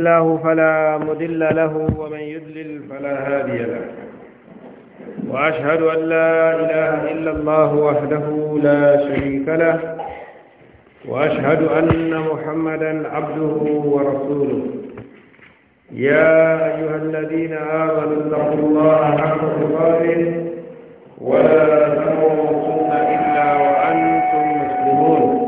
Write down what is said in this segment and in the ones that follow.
الله فلا مدل له ومن يدلل فلا هادي له وأشهد أن لا إله إلا الله وحده لا شريك له وأشهد أن محمدا عبده ورسوله يا أيها الذين آمنوا اتقوا الله حق تقاته ولا تموتن إلا وأنتم مسلمون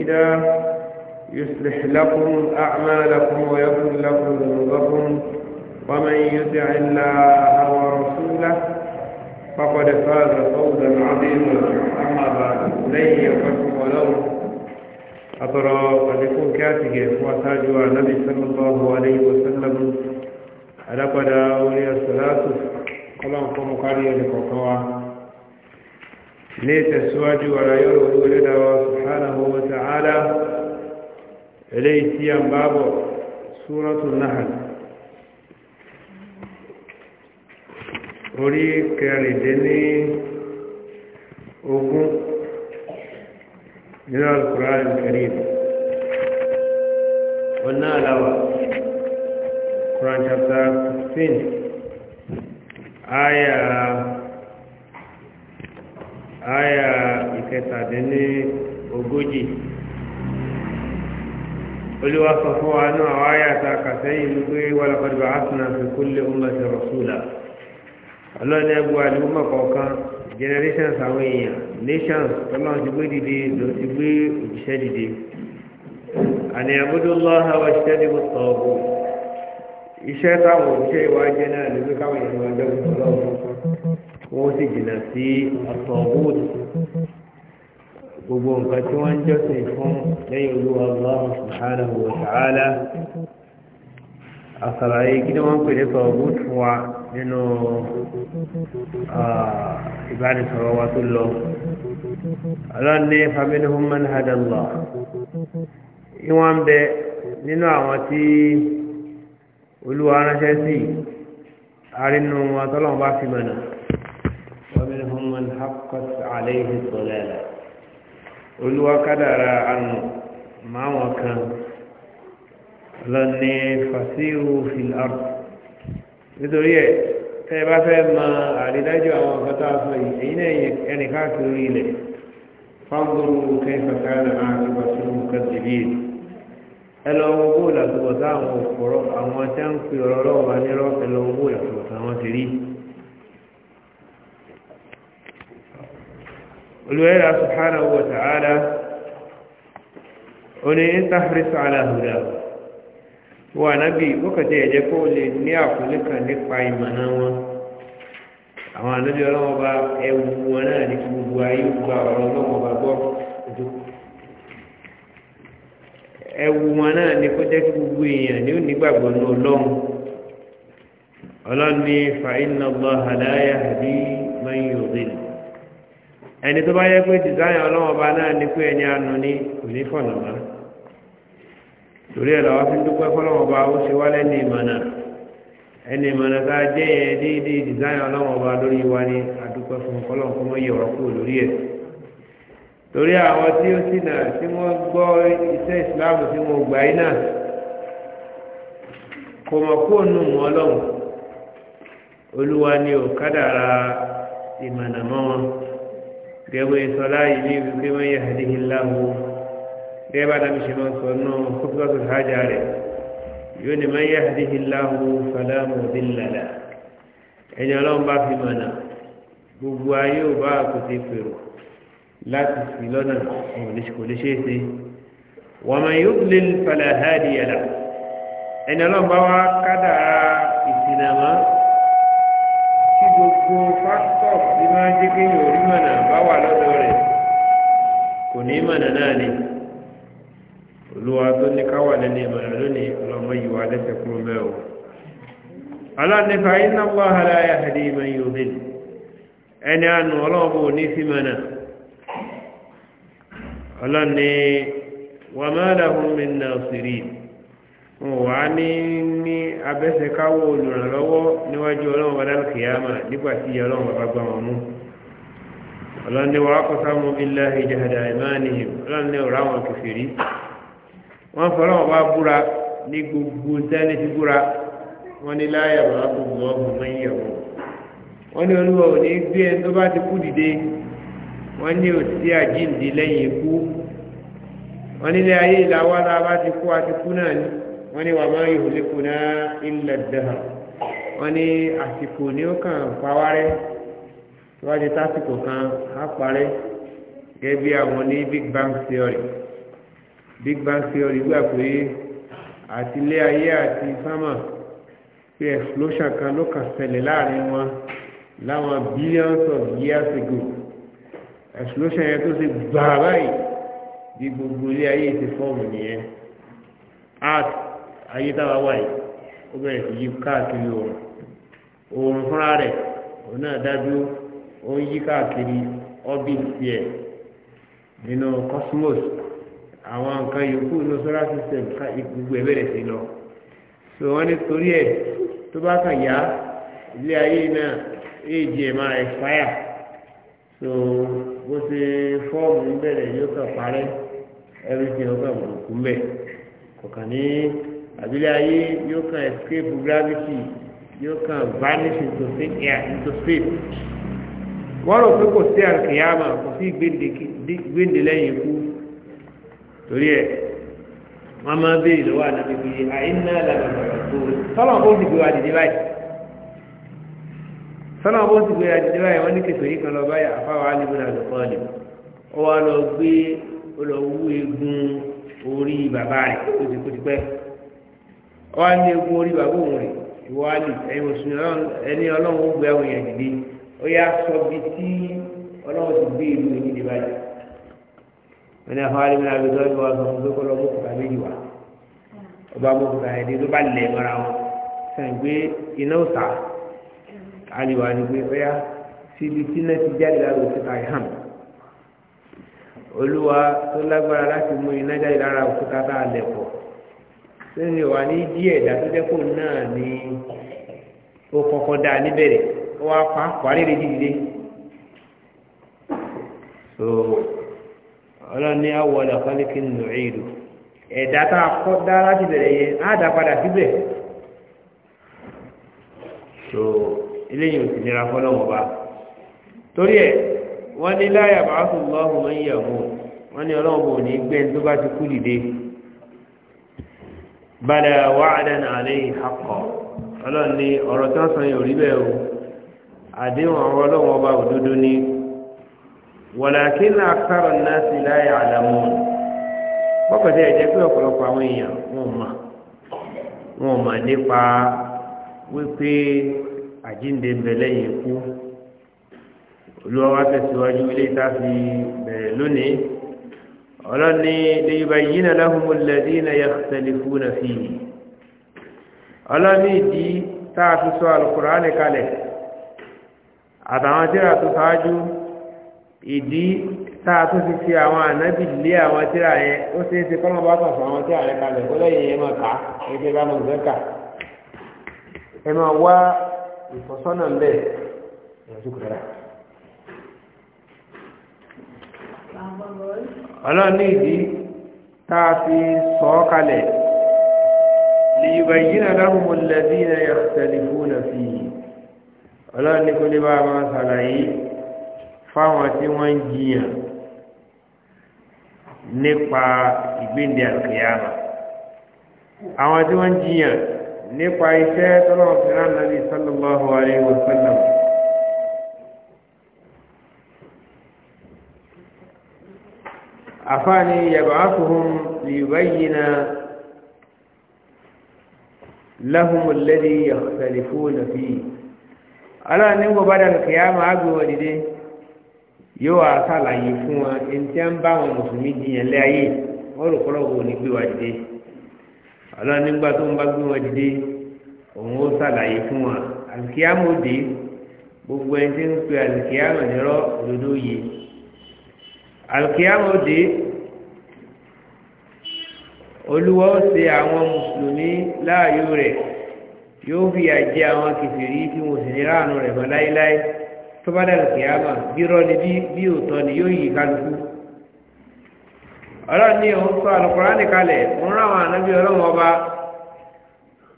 رشدا يصلح لكم أعمالكم ويغفر لكم ذنوبكم ومن يطع الله ورسوله فقد فاز فوزا عظيما أما بعد لن يقف ولو أترى فلكم كاتب وأتاجوا النبي صلى الله عليه وسلم ألقد أولي الصلاة قلنا قوم قرية لكم ilé ìtẹ̀síwájú wàrà yọ́rọ̀ olúwẹ́lẹ́dàwà subhanahu wa ta'ala ilé ìtí à ń bábọ̀ súratul Nahl orí kẹrìndínlẹ́ ogún nínú al-Qur'an al-Karim ọ̀nà àláwà chapter 15 ayah aya ìkẹtàdínní ogójì olúwa sọ fún wa náà àwọn aya ta kàsẹ́yìn ló pé wà lọ́kọ̀dùbà àtúnà fi kúlẹ̀ ọmọ ti rọ̀ṣùlà ọlọ́ni ẹgbẹ́ àdúgbò kọ̀ọ̀kan generations àwọn èèyàn nations ọlọ́run ti gbé dìde ló ti gbé òjíṣẹ́ dìde àní àbúdó lọ́ha wa ṣiṣẹ́ ní mọ̀tọ́ọ̀bù iṣẹ́ táwọn òjíṣẹ́ ìwà náà ló gbé káwọn èèyàn máa dẹ́wọ́ jìnnà sí àtọ̀wò gbogbo nǹkan tí wọ́n ń jọ́sìn fún lẹ́yìn olúwa Allah subhanahu wa ta'ala àsàlàyé kí ni wọ́n ń pè ní tọ̀wò fún wa nínú ìbánisọ̀rọ̀ wa tó lọ ọlọ́ni faminhum man hada ìwọ̀n bẹ nínú àwọn tí olúwa ránṣẹ́ sí àrínú wọn bá fi mọ̀nà ومنهم من حقت عليه الضلالة olúwa kádàrá àánú máwọn kan lọ ní fàṣírù filar nítorí ẹ tẹ ẹ bá fẹ́ mọ àrídájú àwọn nǹkan tá a sọ yìí èyí náà ẹnì káàkiri ilẹ̀ fáwọn kẹfà káàdà àti fàṣírù kẹsìbí ẹ lọ wo bóòlù àtúbọ̀tá àwọn òpòrọ àwọn tí wọn ń pè ọ̀rọ̀ ọlọ́wọ́ wa nírọ̀ ẹ lọ wo bóòlù àtúbọ̀tá wọn ti rí. olùwẹ́rà subhanahu wa ta'ala oní intaharis aláhùdá wà nábi wọ́kàtí ẹ̀jẹ́ kó lè ní àkúlẹ́kà nípa ìmọ̀nà wọn àwọn ànábì ọlọ́wọ́ bá ẹwù wọn náà ní gbogbo ayé gba ọ̀rọ̀ ọlọ́wọ́ bá gbọ́ ẹwù wọn náà ní kó jẹ́ kí gbogbo èèyàn ní ó nígbàgbọ́ ní ọlọ́run ọlọ́run ní fa inna Allah la yahdi man ẹni tó bá yẹ pé dìzáyìn ọlọ́wọ́ bá náà ní pé ẹni àánú ní kò ní fọ̀nà mọ́ torí ẹ̀ làwọn fi ń dúpẹ́ fọlọ́wọ́ bá ó ṣe wálé ní ìmọ̀nà ẹni ìmọ̀nà tá a jẹ́ yẹn déédéé dìzáyìn ọlọ́wọ́ bá lórí wa ní àdúpẹ́ fún fọlọ́wọ́ kó mọ́ yẹ ọ̀rọ̀ kúrò lórí ẹ̀ torí àwọn tí ó sì nà tí wọ́n gbọ́ iṣẹ́ ìsìláàmù tí wọ́n gbà yín náà kò mọ̀ kó nù wọn lọ́wọ́ olúwa ni ò kádàrá ìmọ̀nà mọ́ wọn gẹ́gbẹ́ sọlá yìí ní ibi pé wọ́n yẹ àdéhì láwo gẹ́gẹ́ bá dábì ṣe máa sọ náà kókòtò hájà rẹ̀ yóò ní máa yẹ àdéhì láwo fàlámù bí lálá ẹni ọlọ́run bá fi mọ̀nà gbogbo ayé ò bá gbogbo pásítọ̀ tí máa ń jẹ́ kí yìí orí mọ̀nà bá wà lọ́dọ̀ rẹ̀ kò ní mọ̀nà náà ni olúwa tó ní káwà lẹ́ni ìmọ̀nà lónìí ọlọ́mọ yìí wà lẹ́sẹ̀ kúrò mẹ́ o iná wà hàrá ayà hàdí ìmọ̀ yìí òbí ẹni àánú ọlọ́ọ̀bù ní sí mọ̀nà ọlọ́ni wà má lahum wà á ní ní abẹ́sẹ̀káwọ́ olùrànlọ́wọ́ níwájú ọlọ́run bá dálù kìyàmà nígbà tí ìyá ọlọ́run bá gbà wọn mú ọlọ́run ní wàá kọ́ sáwọn ilé ìjàdà ìmánìyàn ọlọ́run ní ọ̀rọ̀ àwọn kẹfìrí wọ́n fọlọ́ wọn bá búra ní gbogbo sẹ́ni ti búra wọ́n ní láyà máa gbogbo ọ̀gbọ̀n mọ́ iye wọn wọ́n ní olúwa ò ní gbé ẹni tó bá ti kú dìde wọ́n ní òsì àjíǹde lẹ́yìn ikú wọ́n nílé ayé ìlàwọ́ tá a ti kú àti kú náà ni wọ́n ní wà máa yìí òlékù náà ilẹ̀ dẹ̀hà wọ́n ní àsìkò ní ó kàn pawárẹ́ tó tásìkò kan á parẹ́ gẹ́gẹ́ bí àwọn ní big bank theory big bank theory gbà pé àtìlé ayé àti sámà pé explosion kan ló kàn ṣẹlẹ̀ láàrin wọn láwọn billions of years ago explosion yẹn tó ṣe gbàrà báyìí bí gbogbo ilé ayé ti fọ́ọ̀mù nìyẹn art ayé táwa wà yìí ó bẹ̀rẹ̀ sí yí káàkiri oòrùn oòrùn fúnra rẹ̀ òun náà dájú ó ń yí káàkiri ọ́bìtì ẹ̀ nínú cosmos àwọn nǹkan yòókù ní solar system ká gbogbo ẹ̀ bẹ̀rẹ̀ sí lọ so wọ́n ní torí ẹ̀ tó bá kàn yá ilé ayé náà éèjì ẹ̀ máa expire so bó ṣe fọ́ọ̀mù ń bẹ̀rẹ̀ yóò kàn parẹ́ everything ó kàn mọ̀ òkú kò kàn ní àbílẹ̀ ayé yóò kàn escape gravity yóò kàn vanish into thin air into space wọ́n rò pé kò sí àkìyàmà kò sí gbéǹde lẹ́yìn ikú torí ẹ̀ wọ́n máa béèrè lọ́wọ́ ànábi pé àìní àlàbà sọ́nà ó sì gbé wa dìde báyìí sọ́nà ó sì gbé wa dìde báyìí wọ́n ní kẹfẹ́ yìí kan lọ báyìí àfáwà alìbùnà àlùkọ́ọ̀lì ó wá lọ gbé ó lọ wú eegun orí bàbá rẹ̀ ó ti kú ti pẹ́ ọ á ní egun orí bàbá òun rè ìwọ á lè ẹ̀yin mùsùlùmí ẹni ọlọ́run ó gbé àwọn èèyàn dìde ó yá sọ bí tí ọlọ́run ti gbé ìlú yìí dìde báyìí wọn ní afárí mi àbí tó ń bọ̀ ọ̀sán gbé kọ́ lọ kùtà méjì wá ọba mú kùtà yẹn tó bá lẹ̀ mọ́ra wọn sàn gbé iná òsà àlìwà ni pé ó yá síbi tí náà ti jáde lára òkúta yìí hàn olúwa tó lágbára láti mú iná jáde lára òkúta tá a lẹ̀ pọ̀. lónìí wà ní díẹ̀ dàtúndẹ́kù náà ni ó kọ́kọ́ dá níbẹ̀rẹ̀ ó wá pa wàlérè dídìde so ọlọ́ni awọ́lẹ̀ kọ́lékì nù ìlú ẹ̀dá tá a kọ́ dá láti bẹ̀rẹ̀ yẹn si padà síbẹ̀ so eléyìí ò sì nira fọlọ́wọ́n bá torí ẹ̀ wọ́n ní láyà bàá fún lọ́hùn mọ́ ìyàwó wọ́n ní ọlọ́wọ́n bò ní gbẹ́ni ti kú bala wa'dan alayhi haqqan ọlọ́run ní ọ̀rọ̀ tí wọ́n sọ yìí ò rí bẹ́ẹ̀ o àdéhùn àwọn ọlọ́run ọba òdodo ni walakinna akthara an-nasi la ya'lamun bọ́kọ̀tẹ́ ẹ̀jẹ̀ pé ọ̀pọ̀lọpọ̀ àwọn èèyàn wọn mà wọn mà nípa wípé àjíǹde ń bẹ lẹ́yìn ikú olúwa wá tẹ̀síwájú ilé tá fi bẹ̀rẹ̀ lónìí ọlọ́ni lèyìnbáyìnà láhùnmù lẹ́dínà yakhtalifuna fihi ọlọ́ni ìdí táà fi sọ alùkùránì kalẹ̀ àtàwọn tíra tó ṣáájú ìdí táà tó fi fi àwọn ànábì lé àwọn tíra yẹn ó ṣe é ṣe kọ́nà bá kàn fún ọlọ́run ní ìdí tá a fi sọ ọ́ kalẹ̀ lìyìnbẹ̀yìn aláhùnmọ̀ lẹ́bí ẹ̀ yàtẹ̀lifú nà fi ọlọ́run ní kó lè bá a máa ṣàlàyé fáwọn tí wọ́n jiyàn nípa ìgbéǹde àkìyàmà àwọn tí wọ́n jiyàn nípa iṣẹ́ tọ́lọ́run fi rán nàbí sallallahu alayhi àfáàní yab'athuhum liyubayyina lahum alladhi yakhtalifuna fihi aláwọ̀ ní gbogbo bàdà kìyàmà á gbé wọn dìde yóò wá sàlàyé fún wọn ẹni tí wọn bá wọn mùsùlùmí jiyàn lé ayé wọn rò kọlọ́wọ́ ò ní gbé wa gbogbo ẹni tí ń pe alkiyama òde olúwa ó ṣe àwọn mùsùlùmí láàyò rẹ̀ yóò fi àjẹ àwọn kìfìrí tí wọn sì ní ráàánú rẹ̀ mọ́ láéláé tó bá dàrú kìyàmà bí rọni bí òótọ́ ni yóò yí kálukú ọlọ́run ní òun sọ àlùkùránì kalẹ̀ òun ráwọn ànábí ọlọ́run ọba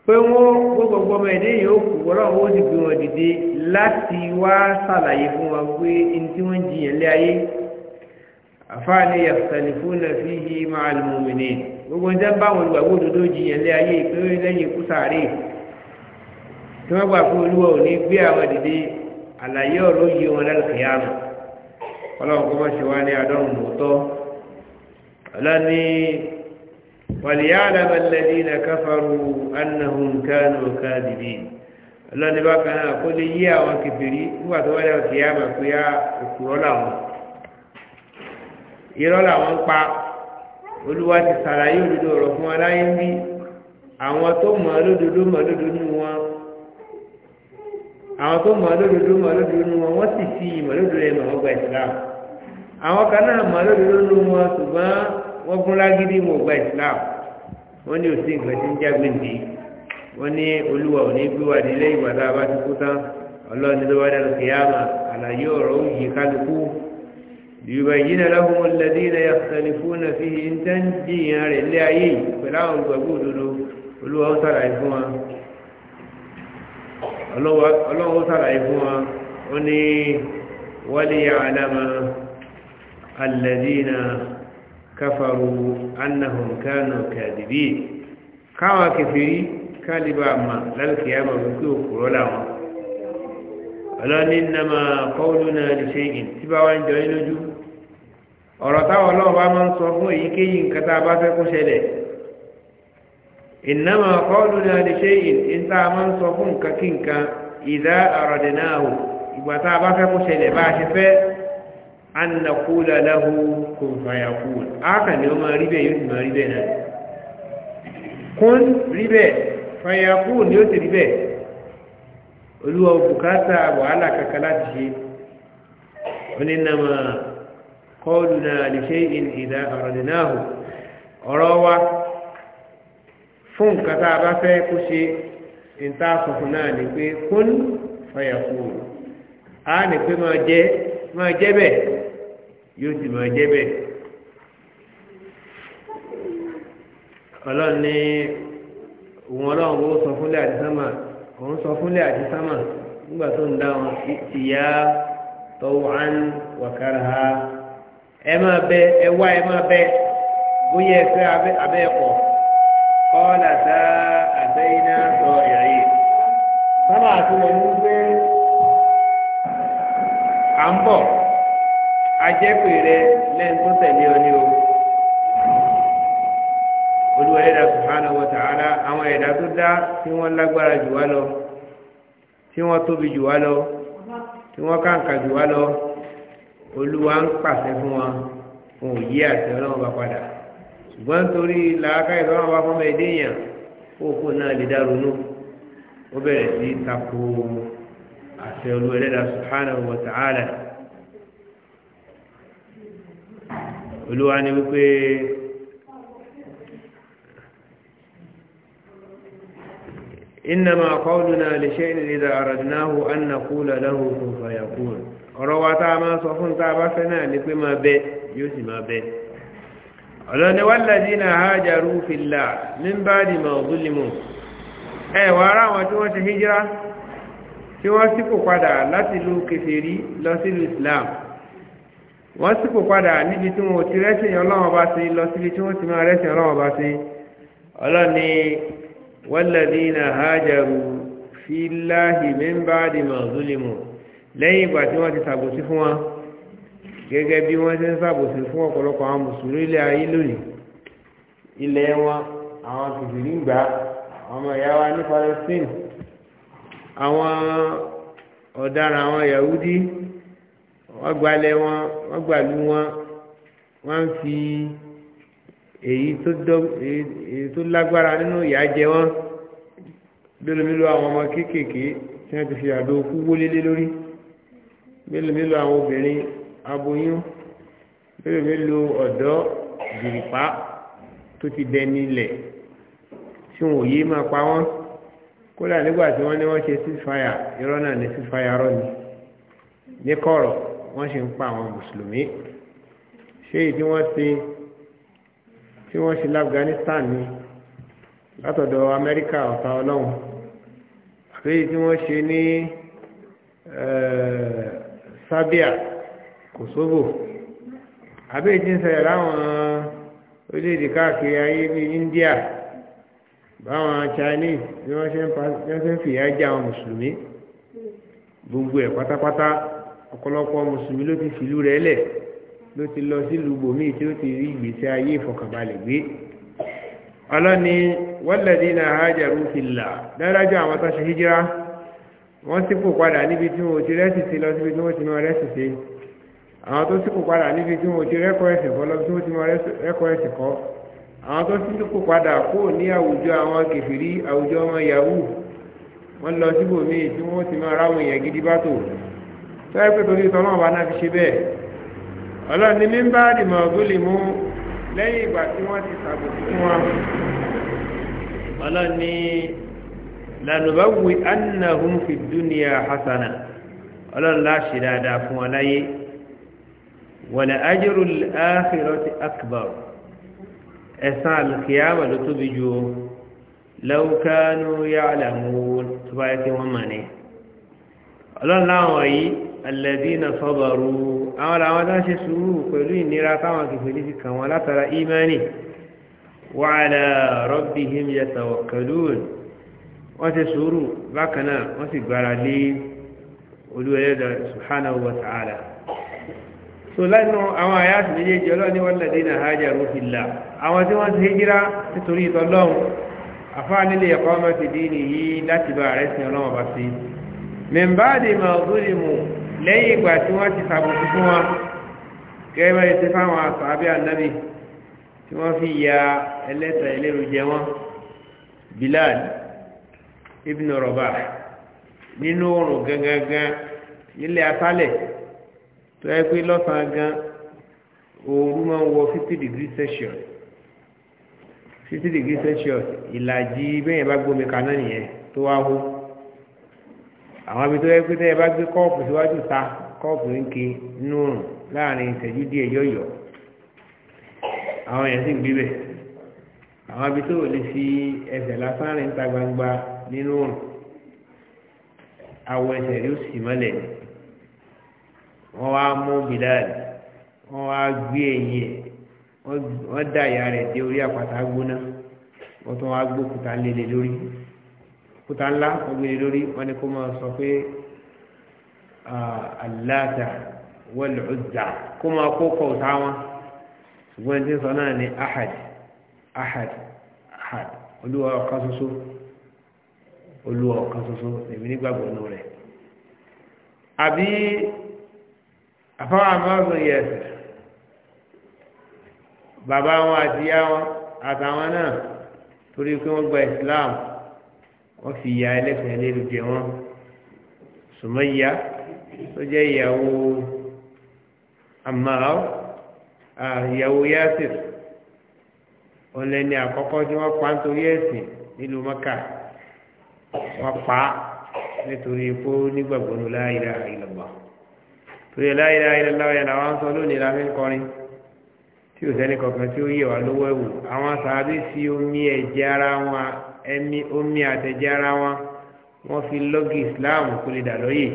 pé wọ́n gbogbo ọmọ ẹ̀dẹ́ yìí ó kù ọlọ́run ó sì gbé wọn dìde láti wá ṣàlàyé fún wọn pé ní tí wọ́n jiyàn lé ayé àfáàní yàtàlífù náà fi yí máa lè mọ̀mìnì gbogbo ń jẹ́ báwọn olùgbàgbọ́ òdodo jiyàn lé ayé ìpínlẹ̀ lẹ́yìn ikú sàárè tí wọ́n gbà pé olúwa ò ní gbé àwọn dìde àlàyé ọ̀rọ̀ yìí wọn lálùkìyàmù ọlọ́run kọ́ máa ṣe wá ní adọ́run lóòótọ́ ọlọ́ni wàlíyá alábàlẹ́dí na káfàrú annahun kánú káàdìdì ọlọ́ni bákan náà kó lè yí àwọn kìfìrí nígbà tó wáyé ọ̀kìyàmù òkúrọ́ làwọn irọ́ làwọn ń pa olúwa ti sàlàyé òdodo ọ̀rọ̀ fún wa láyé ń bí àwọn tó mọ̀ lódodo mọ̀ lódodo nù wọn àwọn tó mọ̀ lódodo mọ̀ lódodo nù wọn wọ́n sì fi ìmọ̀ lódodo yẹn mọ̀ wọ́n gba ìsìlámù àwọn kan náà mọ̀ lódodo nù wọn ṣùgbọ́n wọ́n gún lágídí mọ̀ gba ìsìlámù wọ́n ní òsì nǹkan tí ń jágbe nìyí wọ́n ní olúwa ò ní gbé wa nílé ìgbà tá a bá ti kú tán ọlọ́ọ̀ni ló wá dànù kìyàmà liyubayyina lahum alladhina yakhtalifuna fihi ìntẹ́ń jiyàn rẹ̀ lé ayé pẹ̀lú àwọn gbàgbọ́ òdodo olúwa ó sàlàyé fún wa ọlọ́wọ́ ó sàlàyé fún wa ó ní waliya'lama alladhina kafaru annahum kanu kadibin káwọn kẹfìrí kálíbà mà lálùkìyàmà wípé òkúrọ́ làwọn ọlọ́ni nàmà kọ́ọ̀lù náà lè ṣe ìtìbáwá ń jọ inú jù ọ̀rọ̀ táwọn ọlọ́run bá máa ń sọ fún èyíkéyìí nǹkan tá a bá fẹ́ kó ṣẹlẹ̀ ìnáma kọ́ọ̀lù ní adìṣe ìyìn tá a máa ń sọ fún nǹkan kí nǹkan ìdá àrọ̀dẹ̀náàwò ìgbà tá a bá fẹ́ kó ṣẹlẹ̀ bá a ṣe fẹ́ annakula lahu kun fayakun aka ni o ma ribe yóò ti ma ribe náà kun ribe fayakun yóò ti ribe olúwa bùkátà wàhálà kankan láti ṣe onínàmà قولنا لشيء إذا أردناه أروا كتابة كن فيقول a ní pé máa jẹ máa jẹ bẹ́ẹ̀ yóò sì máa jẹ bẹ́ẹ̀ ọlọ́run ní òun ọlọ́run ó sọ fúnlẹ̀ àti sámà òun sọ fúnlẹ̀ àti sámà nígbà ha. E ma bẹ ẹ wá ẹ máa bẹ bóyá ẹ fẹ́ abẹ́ ẹ̀kọ́ kọ́lá tá àbẹ́ iná sọ ìrì sábà tí wọ́n ń gbé à ń bọ̀ ajẹ́pè rẹ lẹ́nu tó tẹ̀lé ọ ní o olúwa àwọn tó dá tí lágbára jù wá lọ tí wọn tóbi olúwa ń pàṣẹ fún wọn fún òyí àti ọlọ́run bá padà ṣùgbọ́n nítorí làákà ìfọwọ́n bá fọmọ èdè yàn fóòkó náà lè dá ronú ó bẹ̀rẹ̀ sí tako àṣẹ olúwa ẹlẹ́dàá subhanahu wa ta'ala olúwa ni wípé. إنما قولنا لشيء إذا أردناه أن نقول له كن فيكون ọ̀rọ̀ wa tá a máa sọ fún tá a bá fẹ́ náà ni pé máa bẹ yóò sì máa bẹ ọ̀lọ́ni walladhina hajaru fillah min ba'di ma zulimu ẹ̀wà ara wọn tí wọ́n ti hijira tí wọ́n ṣípò padà láti lu kèfèrí lọ sí lu islam wọ́n ṣípò padà níbi tí wọ́n ti rẹ́sìn ọlọ́wọ́n bá sí lọ síbi tí wọ́n ti máa rẹ́sìn ọlọ́wọ́n bá sí ọlọ́ni walladhina hajaru fillahi min ba'di ma zulimu lẹ́yìn ìgbà tí wọ́n ti ṣàbòsí fún wa gẹ́gẹ́ bí wọ́n ti ń ṣàbòsí fún ọ̀pọ̀lọpọ̀ àwọn mùsùlùmí ilẹ̀ ayé lónìí ilẹ̀ wọn àwọn kìfìrí gbà ọmọ ìyá wa ní Palestine àwọn ọ̀daràn àwọn Yahudi wọ́n gbalẹ̀ wọn wọ́n gbàlú wọn wọ́n ń fi èyí tó lágbára nínú ìyà jẹ wọn lólomílò àwọn ọmọ kéékèèké tí wọ́n ti fi àdó okú wólélé lórí mélòó mélòó àwọn obìnrin aboyún mélòó mélòó ọ̀dọ́ gìrìpá tó ti dẹni ilẹ̀ tí wọn ò yé máa pa wọ́n kódà nígbà tí wọ́n ní wọ́n ṣe ceasefire irọ́ náà ní ceasefire rọ́ ni ní kọ̀rọ̀ wọ́n ṣe ń pa àwọn mùsùlùmí ṣé èyí tí wọ́n ṣe tí wọ́n ṣe l'Afghanistan ni látọ̀dọ̀ Amẹ́ríkà ọ̀tá ọlọ́run àbí èyí tí wọ́n ṣe ní sabiya Kosovo àbẹ́ ìdí ń ṣẹlẹ̀ láwọn orílẹ̀-èdè káàkiri ayé bíi India báwọn Chinese bí wọ́n ṣe ń fìyà àwọn mùsùlùmí gbogbo ẹ̀ pátápátá ọ̀pọ̀lọpọ̀ mùsùlùmí ló ti fìlú rẹ̀ lẹ̀ ló ti lọ sílùú bòmíì tí ó ti rí ayé ìfọkànbalẹ̀ gbé ọlọ́ni hajaru àwọn tó ṣe hijira wọ́n sípò padà níbi tí wọ́n ti rẹ́sì sí lọ síbi tí wọ́n ti mọ rẹ́sì sí àwọn tó sípò padà níbi tí wọ́n ti rẹ́kọ̀ọ́ ẹ̀sìn kọ́ lọ bí wọ́n ti mọ rẹ́kọ̀ọ́ ẹ̀sìn kọ́ àwọn tó sípò padà kó ní àwùjọ àwọn kẹfìrí àwùjọ ọmọ yahoo wọ́n lọ síbò míì tí wọ́n ti mọ ara wọn èèyàn gidi bá tò sọ́yẹ́ pé torí tọ́lá ọba náà fi ṣe bẹ́ẹ̀ ọlọ́run ní mímbá dìmọ̀ ọ̀gbọ́lì mú lẹ́yìn ìgbà tí wọ́n ti ṣàbòsí fún wa lanubawi annahum fi duniya hasana ọlọ́run láṣẹ dáadáa fún wọn láyé wala ajrul akhirati akbar ẹ̀san alkiyama ló tóbi jù ó law kanu ya'lamun tó bá yẹ kí wọ́n mọ̀ ní ọlọ́run láwọn yìí alladhina sabaru àwọn làwọn tó ṣe sùúrù pẹ̀lú ìnira táwọn kìfèlì fi kàn wọ́n látara ìmánì wa ala rabbihim yatawakkalun wọ́n ti sùúrù bákan náà wọ́n sì gbára lé olú ẹlẹ́dà subhanahu wa ta'ala so lẹ́nu àwọn àyàtì méjèèjì ọlọ́ni wọ́n lè dínà hajj rúfìlà àwọn tí wọ́n ti hijira nítorí ìtọ́lọ́hun àfáàní lè kọ́ ọmọ ti dín nìyí láti bá ààrẹ sin ọlọ́wọ́ bá sí mẹ́mbáàdì máa mu lẹ́yìn ìgbà tí wọ́n ti sàbùkù fún wọn kẹ́rẹ́ ti fáwọn àsàbí ànábì tí wọ́n fi ya ẹlẹ́ta ẹlẹ́rù jẹ wọn Bilal ibn Rabah nínú oòrùn gangan nílẹ̀ asálẹ̀ tó yẹ pé lọ́sàn-án gan oòrùn máa ń wọ fifty degree celsius fifty degree celsius ìlàjì bẹ́yẹn bá gbómi kaná nìyẹn tó wá hó àwọn ibi tó yẹ pé tẹ́yẹ bá gbé kọ́ọ̀pù síwájú ta kọ́ọ̀pù ń ké nínú oòrùn láàrin ìṣẹ́jú díẹ̀ yọ̀yọ̀ àwọn èèyàn sì ń gbé bẹ̀ àwọn ibi tó lè fi ẹsẹ̀ lásán rìn ta gbangba nínú òrùn awọ ẹsẹ̀ rí ó sì mọ́lẹ̀ wọ́n wá mú Bilal wọ́n wá gbé ẹ̀yìn ẹ̀ wọ́n dá ìyá rẹ̀ dé orí àpáta gbóná wọ́n tún wá gbó kúta lélẹ̀ lórí kúta ńlá wọ́n gbélé lórí wọ́n ní kó máa sọ pé aláta wal Uzza kó máa kó kọ̀ ọ̀tá wọn ṣùgbọ́n ẹni tí ń sọ náà ní ahad ahad ahad olúwa ọ̀kan ṣoṣo olúwa ọ̀kan ṣoṣo èmi nígbàgbọ́ nù rẹ̀ àbí àfáwọn àmọ́sùn yẹ bàbá wọn àti ìyá wọn àtàwọn náà torí pé wọ́n gba Islam wọ́n fi ìyá ẹlẹ́sẹ̀ lélu jẹ wọn Sumayya tó jẹ́ ìyàwó Ammar ìyàwó Yasir ọ̀lẹ́ni àkọ́kọ́ tí wọ́n pa nítorí ẹ̀sìn nílùú Mọ́kà wọ́n pa á nítorí kó nígbàgbọ́ ní la ilaha illallah torí la ilaha illallah yẹn làwọn sọ lónìí la fi ń kọrin tí ò sẹ́ni kankan tí ó yẹ wá lọ́wọ́ ẹ̀wù àwọn sàbí fi omi ẹ̀jẹ̀ ara wọn ẹ̀mí omi àtẹ̀jẹ̀ ara wọn wọ́n fi lọ́gì Islam kó lè dà lọ́yè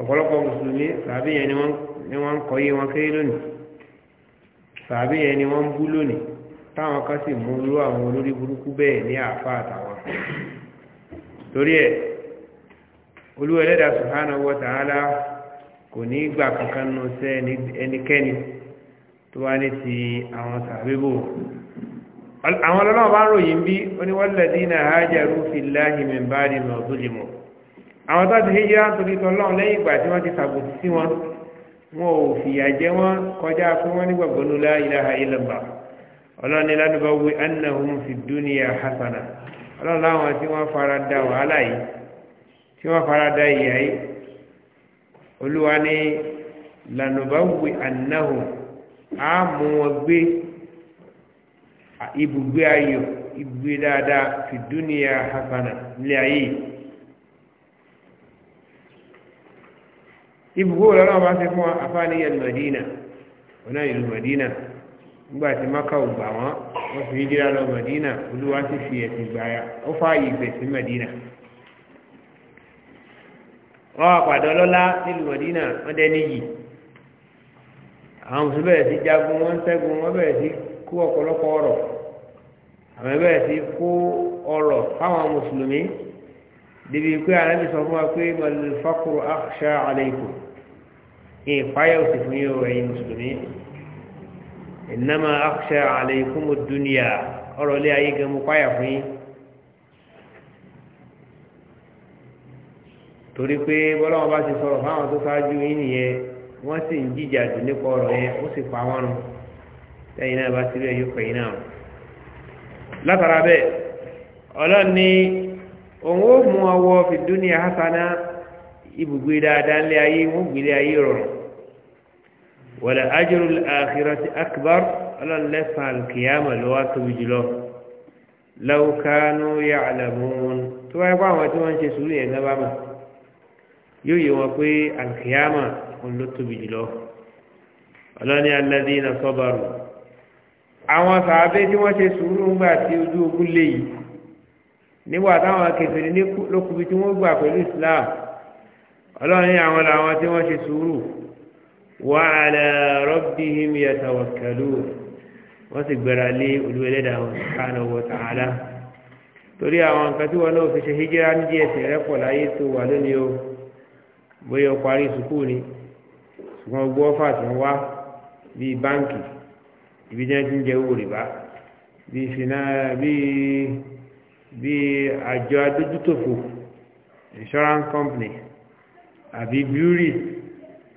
ọ̀pọ̀lọpọ̀ mùsùlùmí sàbí yẹn ni wọ́n ń kọ́ yé wọn kéré lónìí sàbí yẹn ni wọ́n ń bú lónìí táwọn kan sì mú irú àwọn olórí burúkú bẹ́ẹ̀ ní àáfàá àtàwọn torí ẹ̀ olú ẹlẹ́dàá subhanahu wa ta'ala kò ní gbà kankan nù sẹ́ ẹnikẹ́ni tó wá ní ti àwọn sàbíbò àwọn ọlọ́wọ́ bá ń ròyìn bí oníwọ́lẹ̀dínà hajaru fillahi min ba'di ma zulimu àwọn tó ti hijira nítorí tọ́lọ́ lẹ́yìn ìgbà tí wọ́n ti sàbòtì sí wọn wọn ò fìyà jẹ wọn kọjá fún wọn nígbàgbọ́nú la ilaha illallah ọlọ́ni lánàbáwí annahum fi dúnìyà hasana ọlọ́run àwọn tí wọ́n fara da wàhálà yìí tí wọ́n fara da ìyà yìí olúwa ní lanubawi annahu a mú wọn gbé ibùgbé ayọ̀ ibùgbé dáadáa fi dúnìyà hasana nílé ayé ibùgbé ọlọ́run bá ti fún afáníyàn madina ọ̀nà ìlú madina nígbà tí maka ò gbà wọ́n wọ́n fi hijira lọ Madina olúwa sì fi ẹ̀sìn gbáya ó fààyè ìgbẹ̀sìn Madina wọ́n àpàdé ọlọ́lá nílùú Madina wọ́n dẹ́ níyì àwọn mùsùlùmí bẹ̀rẹ̀ sí jagun wọ́n ṣẹ́gun wọ́n bẹ̀rẹ̀ sí kó ọ̀pọ̀lọpọ̀ ọ̀rọ̀ àwọn bẹ̀rẹ̀ sí kó ọ̀rọ̀ fáwọn mùsùlùmí débi pé àrẹ́bí sọ fún wa pé mọ̀lẹ́fàkùrù àṣà àlẹ́ ìkù ìpáyà òsì fún yóò ẹ̀yin mùsùlùmí ìnáma akhsha alaykum ad-dunya ọ̀rọ̀ ilé ayé gan mo fún yín torí pé wọn bá ti sọ̀rọ̀ fáwọn tó ṣáájú yín nìyẹn wọ́n sì ń jíjà dùn nípa ọ̀rọ̀ yẹn ó sì pa náà bá ti rí náà látara òun ó mú wala ajrul akhirati akbar ọlọ́lẹ́fà kìyàmà ló wá tóbi jùlọ law kanu ya'lamun tó wáyé pa àwọn tí wọ́n ń ṣe sùúrù yẹn gábà mà yóò yẹ wọn pé alkìyàmà ló tóbi jùlọ ọlọ́ni alladhina sabaru àwọn sàábé tí wọ́n ṣe sùúrù ńgbà tí ojú ogun lè yìí nígbà táwọn kèfèrè lókùbí tí wọ́n gbà pẹ̀lú Islam ọlọ́ni àwọn làwọn tí wọ́n ṣe sùúrù wa ala rabbihim yatawakkalun wọ́n sì gbẹ̀rà lé olúwẹ̀lẹ́dà subhanahu wa ta'ala torí àwọn nǹkan tí wọn náà fi ṣe hijira ní díẹ̀ sí rẹ pọ̀ láyé tó wà lónìí o bóyá o parí sùkúù ni ṣùgbọ́n gbọ́ fàtún wá bíi báǹkì ibi tí ti ń jẹ owó rìbá bíi fina bíi bíi àjọ adójútòfò insurance company àbí breweries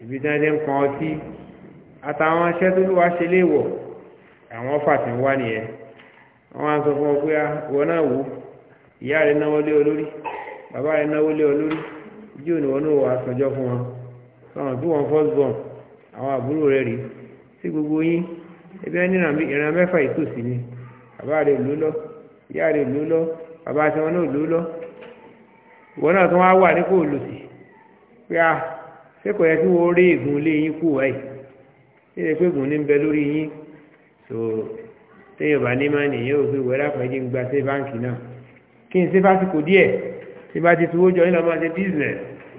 ibi tí wọ́n ti ń kan ọtí àtàwọn aṣẹ́ tó lúwa ṣe léèwọ̀ àwọn ọfà tí ń wá nìyẹn wọ́n wá ń sọ fún ọ pé wọn náà wò ìyá rẹ̀ náwó lé olórí bàbá rẹ̀ náwó lé olórí ojú òní wọn náà wà sọjọ́ fún wọn sọ̀rọ̀ bí wọ́n first born àwọn àbúrò rẹ̀ rí sí gbogbo yín ebi ẹni ìran mẹ́fà ìtòsí ni bàbá rẹ̀ ló lọ ìyá rẹ̀ ló lọ bàbá tiwọn náà ló lọ ìwọ náà tún wá wà ní kò lòsì pé a pé kò yẹ kí wọ́n rí ègún lé yín kù wáyé ṣé ẹ pé ègún ní ń bẹ lórí yín tó téèyàn bá ní máa nìyẹn ò gbé wẹ́rẹ́ àpẹjì ń gba sí báǹkì náà kí n ṣe bá ti kò díẹ̀ tí bá ti tuwó jọ nílò máa ṣe business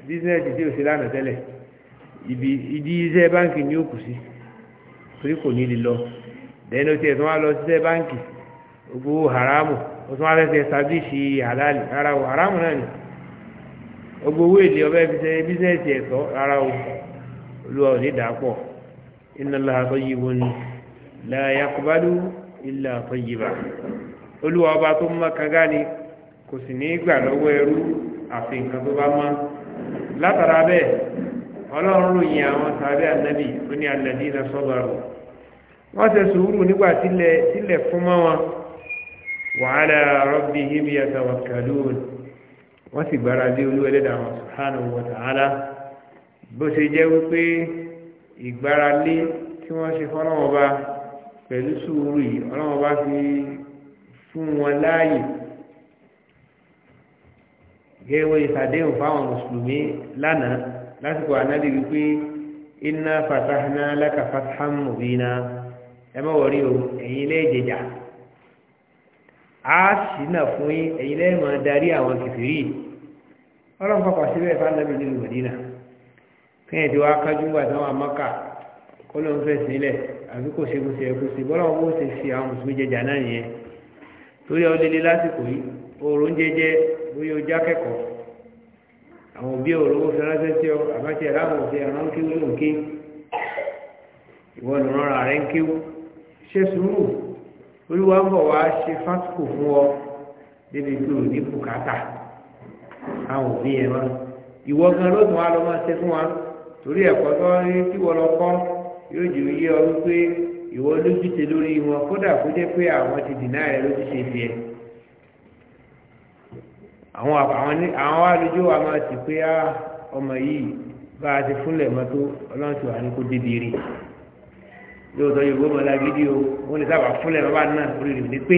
business tí ò sí lánàá tẹ́lẹ̀ ibi ìdí iṣẹ́ báǹkì ni ó kù sí torí kò ní lè lọ dẹ́nu tí ẹ̀ tó wá lọ síṣẹ́ báǹkì gbogbo haramu ó tún wá fẹ́ fi establish haramu náà nìyẹn gbogbo owó èdè ọbẹ̀ fi ṣe bísíǹsì ẹ̀tọ́ rárá o olúwa ò ní dàá pọ̀ iná làbọ̀ yìí wọn ni làyà kọ́bálú ilà àtọ́ yìí bá olúwa ọba tó mọ́ kanga ni kò sì ní gbà lọ́wọ́ ẹrú àfi nǹkan tó bá mọ́ látara bẹ́ẹ̀ ọlọ́run ròyìn àwọn sàbẹ́ ànábì ó ní alẹ́dí iná sọ́gbà rò wọ́n ṣe sùúrù nígbà tilẹ̀ fún mọ́ wọn wàhálà rọ́bì híbi àtàwọn wọ́n sì gbára lé olúwẹ̀lẹ́dà wọn subhanahu wa ta'ala bó ṣe jẹ́ wípé ìgbára lé tí wọ́n ṣe fọ́nà ọba pẹ̀lú sùúrù yìí ọlọ́wọ́n bá fi fún wọn láàyè gẹ́gẹ́ ìsàdéhùn fáwọn mùsùlùmí lánàá lásìkò ànádì wípé inna fatahna laka fathan mubina ẹ má wọrí o ẹ̀yin lẹ́ẹ̀jẹ̀jà á sì náà fún yín ẹ̀yin lẹ́yìn máa darí àwọn kìfìrí ọlọ́run pàpà síbẹ̀ fún anábì nílùú mọ̀dínà kéèyàn ti wá kájú wà táwọn amáka kó ló ń fẹ́ sílẹ̀ àbí kò ṣe kó ṣe ẹkú sí bọ́lá wọn bó ṣe fi àwọn mùsùlùmí jẹjà náà nìyẹn torí ọ lélẹ̀ lásìkò yìí oòrùn jẹjẹ bóyá ojú akẹ́kọ̀ọ́ àwọn òbí òòrùn ó fi ránṣẹ́ sí ọ àbáṣe aláwọ̀ òfin àrán kéwú ló ń olúwa ń bọ̀ wá ṣe fásitì fún ọ débi pé ò ní bùkátà àwọn òbí yẹn mọ́ ìwọ gan ló tún wá lọ máa ṣe fún wa torí ẹ̀kọ́ tó rí tí wọ́n lọ kọ́ yóò jù yé ọ wípé ìwọ lójúṣe lórí wọn kódà kó jẹ́ pé àwọn ti dìnnà rẹ lójúṣe fi ẹ àwọn àwọn alójú wa máa ti pé ah, ọmọ yìí bá a ti fúnlẹ̀ mọ́tò ọlọ́run ti wà ní kó débi rí i. yóò sọ yorùbá ọmọ làgídí o wọ́n lè sábà fúnlẹ̀ bàbá náà orí rẹ̀ ní pé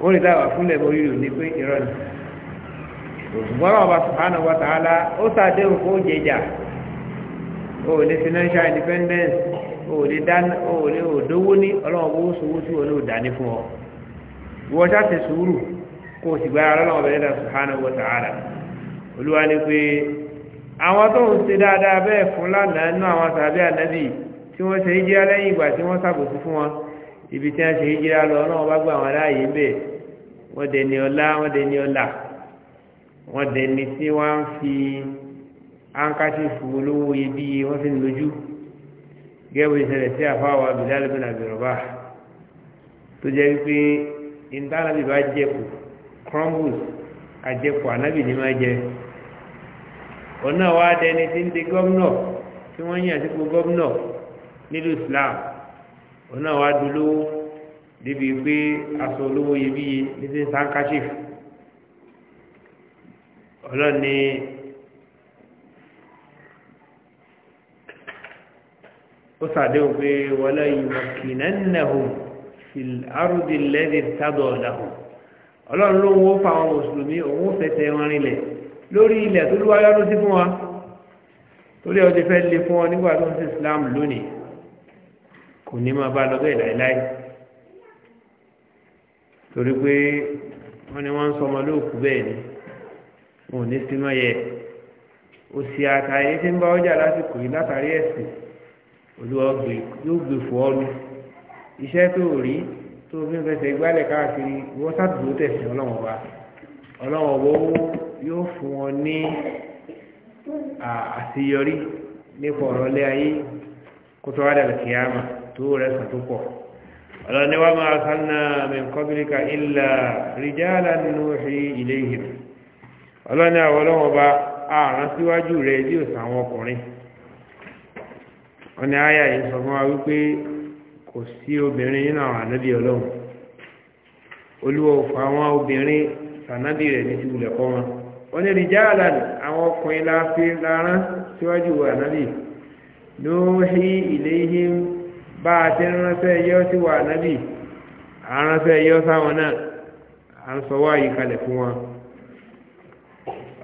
wọ́n lè sábà fúnlẹ̀ orí rẹ̀ ní pé ni ọba ó sàdéhùn o lè financial independence o lè dáná o lè òdówó ní ọlọ́wọ́ owó sowó tí wọn ò dání fún ọ wọ́n ṣàṣẹ sùúrù kó o sì gbára bẹ̀rẹ̀ olúwa pé. àwọn tó ń ṣe dáadáa bẹ́ẹ̀ fún lánàá nínú àwọn tàbí ànábì tí wọ́n ṣe hijira lẹ́yìn ìgbà tí wọ́n ṣàbòsí fún wọn ibi tí wọ́n ṣe hijira lọ ọlọ́run bá gbà wọn láàyè ń bẹ̀ wọ́n dẹni ọlá wọ́n dẹni ọlà wọ́n dẹni tí wọ́n ń fi ankachifu olówó iyebíye wọ́n fi ń lójú gẹ́gẹ́ ìṣẹ̀lẹ̀ sí àfáwà bìlálẹ̀ bìlà bìrọ̀bà tó jẹ́ wípé ìntànàbì bá jẹ́kù crumbles àjẹkù ànábì ní máa jẹ́ ọ̀nà wa dẹni tí ń di gómìnà tí wọ́n yàn sípò gómìnà nílùú islam ọ̀nà wa dúlówó débi pé aṣọ olówó iyebíye ní ti ń sankashif ọlọ́ni ó sàdéhùn pé wọlé ìmọ̀kìnánnáhùn fìlárùdìlẹ́dì tádọ̀ ló ń wó fáwọn mùsùlùmí òun fẹsẹ̀ wọn rinlẹ̀ lórí ilẹ̀ tó lúwa yọ́nú sí fún wa torí ọdẹ fẹ́ lè fún ọ nígbà tó ń sí islam lónìí kò ní máa bá lọ bẹ́ẹ̀ láéláé torí pé wọ́n ní wọ́n ń sọmọ lóòkú bẹ́ẹ̀ ni wọn ò ní sí mọ́ yẹ òsì àtàyè tí ń bá ọjà lásìkò yìí látàrí ẹ̀sìn olúwa yóò gbé fún ọ ní iṣẹ́ tó rí tó fi ń fẹsẹ̀ gbálẹ̀ káàkiri wọ́n sàdúró tẹ̀sán ọlọ́wọ́n wa ọlọ́wọ́n wo yóò fún ọ ní àṣeyọrí nípa ọ̀rọ̀ ilé ayé kó tó wá dà kìyàmà tó rẹ̀ sàn tó pọ̀ ọ̀lọ́ ni wọ́n máa sánà mẹ́kọ́bílíkà ilẹ̀ rìjálà nínú rí ilé ìhìn ọ̀lọ́ ni àwọn ọlọ́wọ́ bá ààrán síwájú rẹ̀ ilé òsàn àwọn ọkùnrin wọ́n ni àyà yìí sọ fún wa wípé kò sí obìnrin nínú àwọn ànábì ọlọ́run olúwa ò fa àwọn obìnrin sànábì rẹ̀ ní ti wulẹ̀ kọ́ wọn ó ní rìjáàlà àwọn ọkùnrin láfi larán síwájú wa nábì lóhí ilayhim bá a ránṣẹ́ yọ́ sí wa nábì àránṣẹ́ yọ́ sáwọn náà à ń sọ wáyé kalẹ̀ fún wọn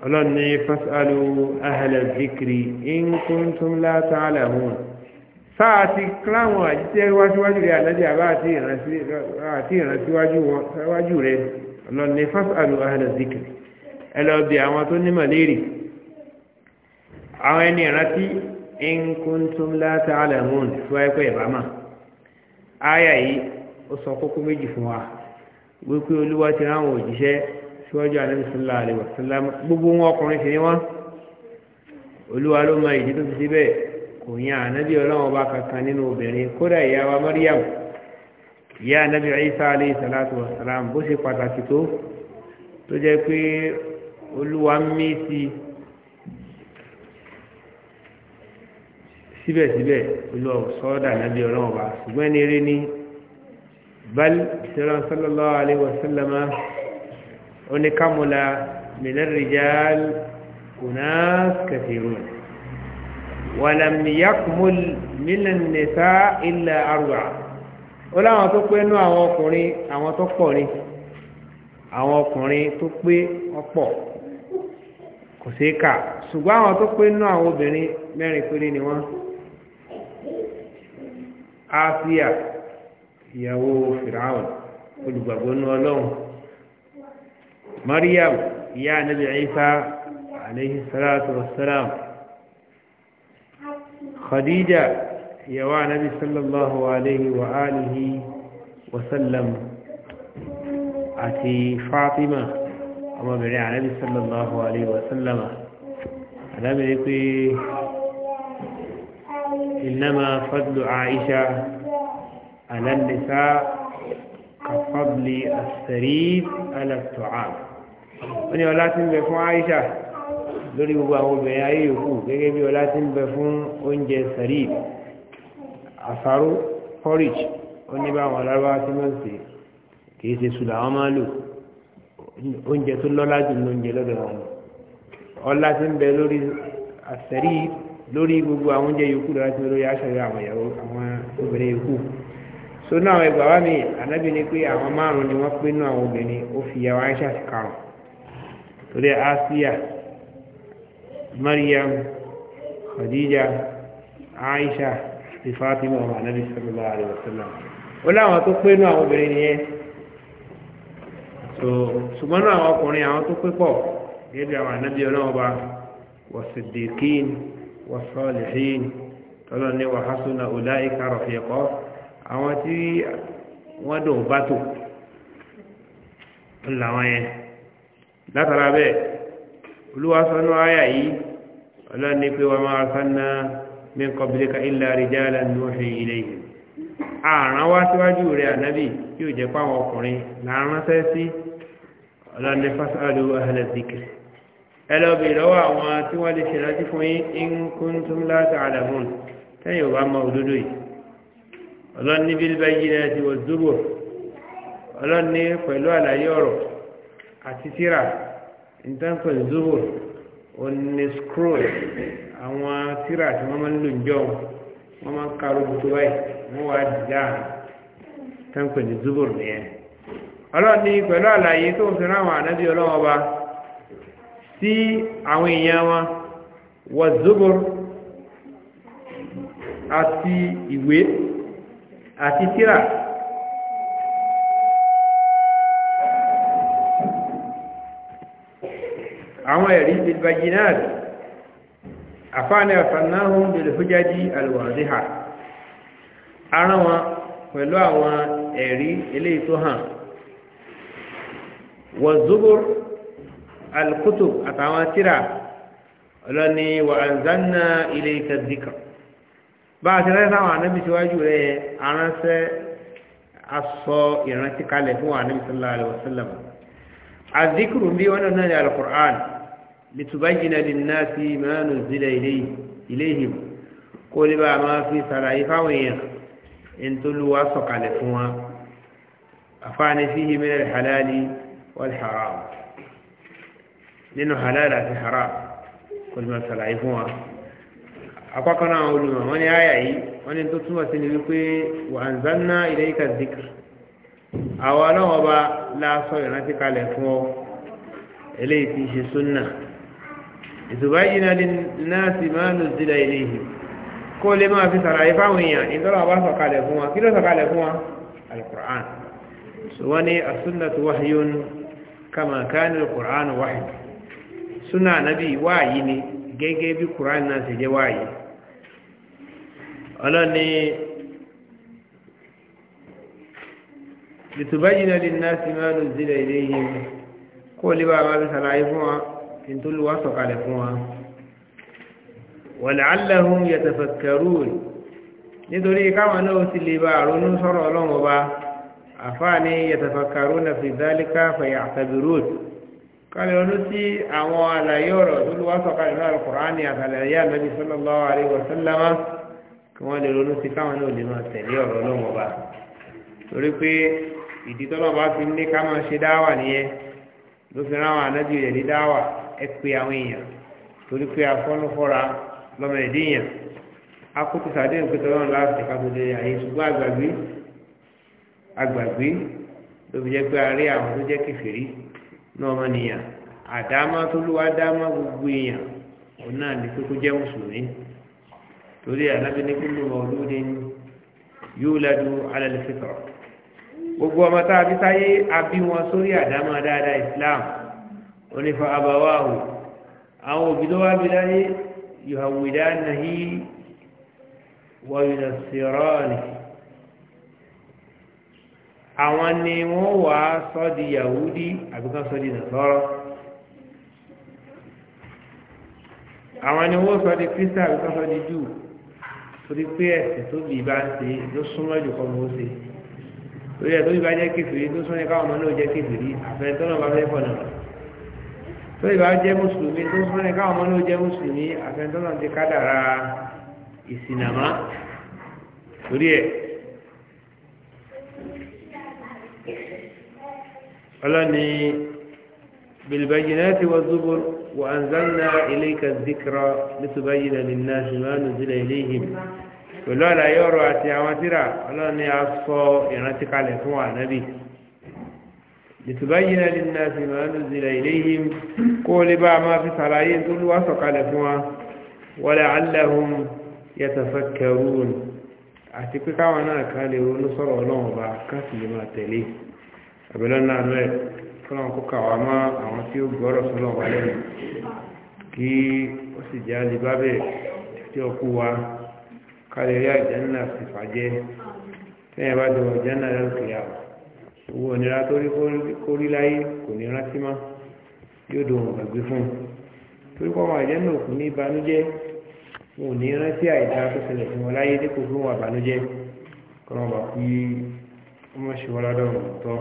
ọlọ́ni fasalu ahlẹ̀ zikiri in kuntum la ta'lamun sáà ti kíláwọn àjíṣẹ́ wáṣíwájú rẹ̀ àlẹ́dẹ̀ àbá àti ìrànṣíwájú rẹ̀ fasalu ahlẹ̀ zikiri ẹ lọ bí àwọn tó nímọ̀ léèrè àwọn ẹni ìrántí in kuntum la ta'lamun tó ẹ pé ìbámà áyà yìí ó sọ kókó méjì fún wa wípé olúwa ti ráwọn òjíṣẹ́ síwájú ànábì sallallahu alaihi wasallam gbogbo wọn ọkùnrin sí ni wọn olúwa ló mọ ìdí tó fi síbẹ̀ kò yan ànábì ọlọ́run ọba kankan nínú obìnrin kódà ìyá wa Maryam ìyá ànábì Isa alayhi salatu wasalam bó ṣe pàtàkì tó tó jẹ́ pé olúwa mí sí síbẹ̀síbẹ̀ olúwa sọ́ọ́dà nàbí ọlọ́run ọba ṣùgbọ́n ẹni eré ní bal ìṣẹ́lá sallallahu alaihi wasallama oníkàmúlà mìlẹ́rìjáàl unas kathirun walam yakmul milan nisa illa arba'a ó láwọn tó pé nú àwọn ọkùnrin àwọn tó pọ̀ ni àwọn ọkùnrin tó pé ọ̀pọ̀ kò sí kà ṣùgbọ́n àwọn tó pé nínú àwọn obìnrin mẹ́rin péré ni wọ́n áfíà ìyàwó fìràwọ̀n olùgbàgbọ́ nínú ọlọ́run mariam ìyá anabi isa aleyhi salatu wasalam khadija ìyàwó anabi sallallahu alayhi wa alihi wasallam àti fatima ọmọbìnrin ànábì sallallahu alayhi wa sallama alábìnrin pé innama fadlu Aisha ala nisa ka fadli as-sarib ala at-ta'am wọ́n ní ọlá tí ń bẹ fún Aisha lórí gbogbo àwọn obìnrin ayé yòókù gẹ́gẹ́ bí ọlá tí ń bẹ fún oúnjẹ sarib àsáró porridge ó ní báwọn alárúbá tí wọ́n ń sè kì í ṣe sùlà wọn máa lò oúnjẹ tó lọ́lá jù ní oúnjẹ lọ́dọ̀ wọn ọlá ti ń bẹ lórí àṣẹrí lórí gbogbo àwọn oúnjẹ yòókù lọ́la ti ń lórí àṣẹrí àwọn ìyàwó àwọn obìnrin yòókù so náà àwọn ẹgbàá wa mi ànábì ni pé àwọn márùn ni wọ́n pé nú àwọn obìnrin ó fi yàwó Aisha ti karùn torí Asiya Maryam Khadija Aisha àti Fatima ọmọ ànábì sallallahu alaihi wasallam ó láwọn tó pé nú àwọn obìnrin nìyẹn so ṣùgbọ́n náà àwọn ọkùnrin àwọn tó pé pọ̀ gẹ́gẹ́ àwọn ànábì ọlọ́run bá wọ̀sídìkín wọ̀sọ́ọ̀lẹ̀hìn tọ́lọ́ ní wàhásùnà ọ̀lá ìkarọ̀ fìyẹ̀kọ́ àwọn tí wọ́n dùn bá tò ńlá wọn yẹn látara bẹ́ẹ̀ olúwàsánú àyà yìí ọlọ́ni pé wọ́n máa sánà min qablika illa rijalan nuhi ilayhim àrán wá síwájú rẹ̀ ànábì yóò jẹ́ pàwọn ọkùnrin là ń sí ọlọ́ni fásitì ahẹ́lẹ̀ zikiri ẹlọ́bì lọ́wọ́ àwọn tí wọ́n lè ṣèrántí fún yín ń kún tún láti àdàmùn tẹ́yìn ọba mọ òdodo yìí ọlọ́ni bí bá yí náà ti wọ́n dúró ọlọ́ni pẹ̀lú àlàyé ọ̀rọ̀ àti tíra ìtànkùn dúró òní scroll àwọn ọlọ́run ní pẹ̀lú àlàyé tó ń sinra àwọn ànábì ọlọ́run ọba sí àwọn èèyàn wọn wọ zubur àti ìwé àti tírà àwọn ẹ̀rí bilbajinar àfáàní àfànnáhùn bilhujaji alwaziha ara wọn pẹ̀lú àwọn ẹ̀rí eléyìí tó hàn wazubur alkutub àtàwọn tíra ọlọ́ni wà anzanna ilayka dhikra bá a ti rẹ́ sáwọn anábì síwájú rẹ̀ aránṣẹ́ asọ ìrántí kalẹ̀ fún anábì sallallahu alaihi wasallam àdíkùrù bí wọn náà ní alukur'an litubayyina linnasi ma nuzila ilayhim kó lè bá a máa fi sàlàyé fáwọn èèyàn ẹni tó lu wa sọ̀kalẹ̀ fún wa àfáàní fíhìmí halali والحرام nínú halal àti haram kò ní máa ṣàlàyé fún wa akọ́kọ́ náà àwọn olùmọ̀ wọ́n ní àyà yìí wọ́n ní tó túmọ̀ sí ni wípé wa anzalna ilayka dhikr àwọn aláwọ̀ ọba láàṣọ ìrántí kalẹ̀ fún ọ eléyìí ti ṣe súnà ìtùbáyìí náà ní náàsì máa ń nùzílẹ̀ ilayhi kó lè máa fi ṣàlàyé fáwọn èèyàn ìtọ́lọ̀ ọba sọ̀kalẹ̀ fún wa kí ló sọ̀kalẹ̀ fún wa alukur'an sọ wọ́n ní asúnnà tó wáyé kama kana al-Qur'an wahid sunna nabi wahyi ni gẹ́gẹ́ bí Qur'an náà ṣe jẹ́ wahyi ọlọ́ni litubayyina lin-nasi ma nuzila ilayhim kó lè bá wá bí sàlàyé fún wa kí n tó lè yatafakkarun nítorí káwọn náà sì lè bá ronú sọ̀rọ̀ ọlọ́run ọba àfáàní yẹtàfàkàrú na fi dálíkà fẹ̀yà àtàbíròd kálí ọdún tí àwọn àlàyé ọ̀rọ̀ tó ló wá sọ̀kalẹ̀ náà alukur'ani àtàlàyé ànábi sallallahu alaihi wa sallama kí wọ́n lè ronú sí káwọn náà lè máa tẹ̀lé ọ̀rọ̀ ọlọ́mọ bá torí pé ìdí tọ́lọ́ bá fi ní ká máa ṣe dáwà nìyẹn ló fi ráwọn ànábi rẹ̀ ní dáwà ẹ pé àwọn èèyàn torí pé afọ́nufọ́ra lọ́mọ ẹ̀dínyàn akótó sàdéhùn pé tọ́lọ́run láti ká tó lè agbàgbé lóbi jẹ́ pé àárẹ̀ àwọn tó jẹ́ kẹfìrí ní ọmọnìyàn àdámá tó lówá dámá gbogbo èèyàn òun náà ní kókó jẹ́ mùsùlùmí torí alábẹ́ni kúlù ọlọ́dẹ yóò ládù alẹ́ fẹ́tọ̀ gbogbo ọmọ tá a fi sáyé abí wọn sórí àdámá dáadáa Islam onífa abawahu àwọn òbí ló wá bí láyé yòhàwìdá nàhí wàyùnà sírọ́ọ̀nì àwọn ni wọ́n wà sọ́ di yahudi àbíká sọ́ di nàṣọ́rọ́ àwọn ni wọ́n sọ́ di kristian àbíká sọ́ di jù torí pé ẹ̀sìn tó bì bá ń ṣe ló súnmọ́ jù kọ́ ló ṣe torí ẹ̀ tó bì bá jẹ́ kékeré tó súnmọ́ káwọn ọmọ náà jẹ́ kékeré àfẹ́ náà bá fẹ́ fọ̀nà tó bì bá jẹ́ mùsùlùmí tó súnmọ́ káwọn ọmọ náà jẹ́ mùsùlùmí àfẹ́ náà ti kádàrá ìsìnàmá torí ẹ̀ ọlọ́ni bilbayinati wa zubur wa anzalna ilayka zikra litubayyana linnasi ma nuzila ilayhim pẹ̀lú àlàyé ọ̀rọ̀ àti àwọn tírà ọlọ́ni a sọ ìrántí kalẹ̀ fún wa nábì litubayyana linnasi ma nuzila ilayhim kó lè bá a máa fi sàlàyé tó lè wá sọ kalẹ̀ fún wa wa la'allahum yatafakkarun àti pé káwọn náà ká lè ronú sọ̀rọ̀ ọlọ́run ọba ká sì lè máa tẹ̀lé àbẹ̀lọ́nà rẹ̀ kọ́nà kọ́kà wà má àwọn tí ó gbọ́rọ̀ sọ́nà wà lẹ́nu kí ó sì jẹ́ alibábẹ̀ tí ó kú wa kálẹ̀ rí àjẹ́nà sì fàjẹ́ tẹ́yìn bá dọ̀wọ̀ àjẹ́nà rẹ̀ kìlà owó onira tó rí kórí láyé kò ní rántí mọ́ yóò dòwò gbàgbé fún un torí kọ́ wọn àjẹ́nà òkú ní ìbànújẹ́ wọn ò ní rántí àìdá tó ṣẹlẹ̀ fún wọn láyé dípò fún wọn àbànújẹ́ kọ́nà bàbá kí wọ́n ṣe wọ́n ládọ̀ ọ̀tọ̀.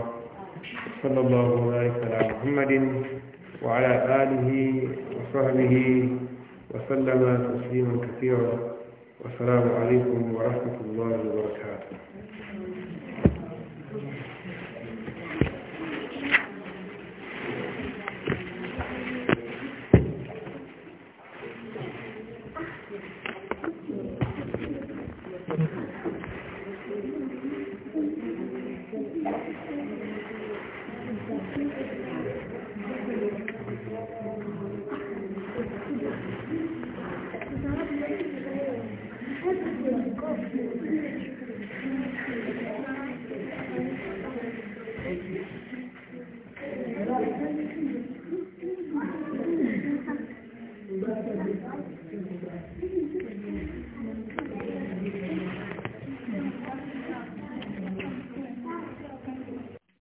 صلى الله وبارك على محمد وعلى آله وصحبه وسلم تسليما كثيرا والسلام عليكم ورحمة الله وبركاته